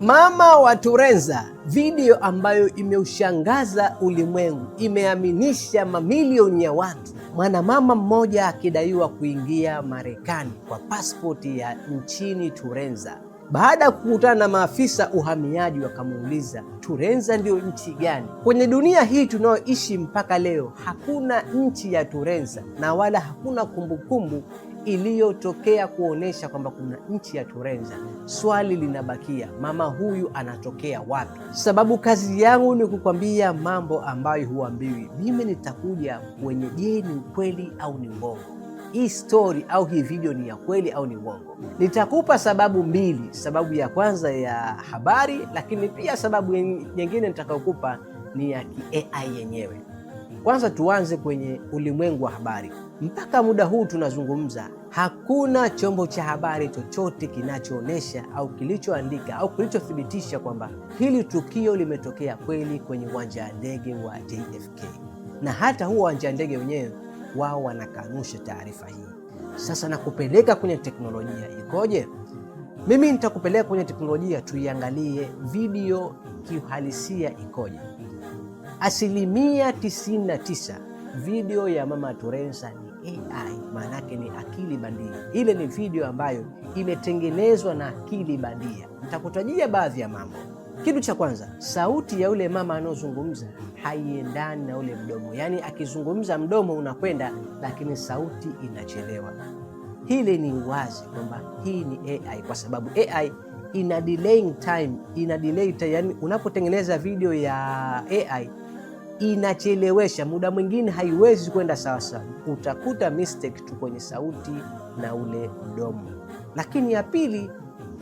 Mama wa Turenza, video ambayo imeushangaza ulimwengu, imeaminisha mamilioni ya watu. Mwanamama mmoja akidaiwa kuingia Marekani kwa pasipoti ya nchini Turenza. Baada ya kukutana na maafisa uhamiaji, wakamuuliza Turenza ndiyo nchi gani? Kwenye dunia hii tunayoishi mpaka leo, hakuna nchi ya Turenza na wala hakuna kumbukumbu iliyotokea kuonesha kwamba kuna nchi ya Turenza. Swali linabakia, mama huyu anatokea wapi? Sababu kazi yangu ni kukwambia mambo ambayo huambiwi. Mimi nitakuja kwenye, je, ni ukweli au ni uongo? Hii stori au hii video ni ya kweli au ni uongo? Nitakupa sababu mbili, sababu ya kwanza ya habari, lakini pia sababu nyingine nitakayokupa ni ya kiai yenyewe. Kwanza tuanze kwenye ulimwengu wa habari. Mpaka muda huu tunazungumza, Hakuna chombo cha habari chochote kinachoonyesha au kilichoandika au kilichothibitisha kwamba hili tukio limetokea kweli kwenye uwanja wa ndege wa JFK, na hata huo uwanja wa ndege wenyewe wao wanakanusha taarifa hii. Sasa nakupeleka kwenye teknolojia ikoje? Mimi nitakupeleka kwenye teknolojia, tuiangalie video kiuhalisia ikoje. Asilimia 99 video ya mama Turensa ni AI, maanake ni akili bandia. Ile ni video ambayo imetengenezwa na akili bandia. Nitakutajia baadhi ya mambo. Kitu cha kwanza, sauti ya ule mama anaozungumza haiendani na ule mdomo, yaani akizungumza mdomo unakwenda, lakini sauti inachelewa. Hili ni wazi kwamba hii ni AI kwa sababu AI ina delaying time, ina delay time, yaani, unapotengeneza video ya AI inachelewesha, muda mwingine haiwezi kwenda sawasawa, utakuta mistake tu kwenye sauti na ule mdomo. Lakini ya pili,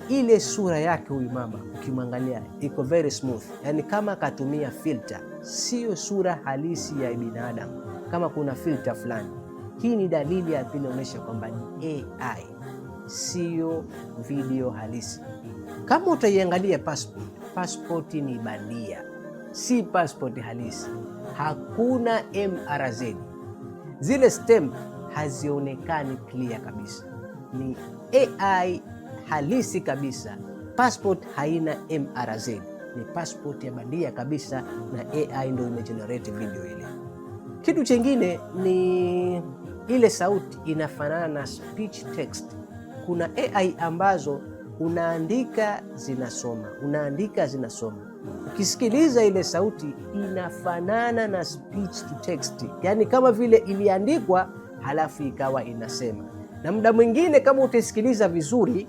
ile sura yake huyu mama ukimwangalia iko very smooth, yani kama akatumia filter, siyo sura halisi ya binadamu, kama kuna filter fulani. Hii ni dalili ya pili inaonyesha kwamba ni AI, siyo video halisi. Kama utaiangalia passport, passport ni bandia si pasipoti halisi, hakuna MRZ. Zile stamp hazionekani clear kabisa, ni AI halisi kabisa. Passport haina MRZ, ni passport ya bandia kabisa, na AI ndio imegenerate video ile. Kitu chingine ni ile sauti inafanana na speech text. Kuna AI ambazo unaandika zinasoma, unaandika zinasoma Ukisikiliza ile sauti inafanana na speech to text, yani kama vile iliandikwa halafu ikawa inasema. Na muda mwingine kama utasikiliza vizuri,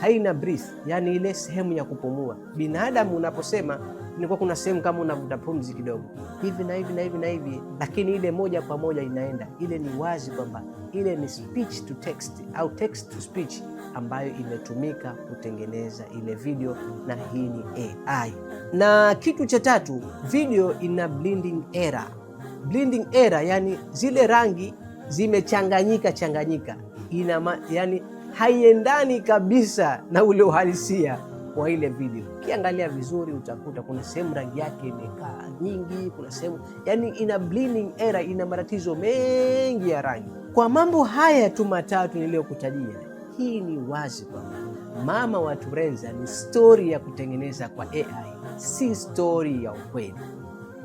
haina breath, yani ile sehemu ya kupumua. Binadamu unaposema nilikuwa kuna sehemu kama unavuta pumzi kidogo hivi na hivi na hivi na hivi, lakini ile moja kwa moja inaenda ile. Ni wazi kwamba ile ni speech to text au text to speech ambayo imetumika kutengeneza ile video, na hii ni AI. Na kitu cha tatu, video ina blending error. Blending error, yani zile rangi zimechanganyika changanyika, ina yani haiendani kabisa na ule uhalisia kwa ile video. Ukiangalia vizuri utakuta kuna sehemu rangi yake imekaa nyingi, kuna sehemu yani ina blending error, ina matatizo mengi ya rangi. Kwa mambo haya tu matatu niliyokutajia, hii ni wazi kwamba Mama wa Turenza ni stori ya kutengeneza kwa AI, si stori ya ukweli.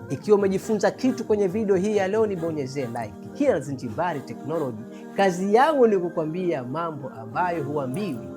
Ikiwa umejifunza kitu kwenye video hii ya leo, nibonyezee like. Here Alzenjbary Technology, kazi yangu ni kukwambia mambo ambayo huambiwi.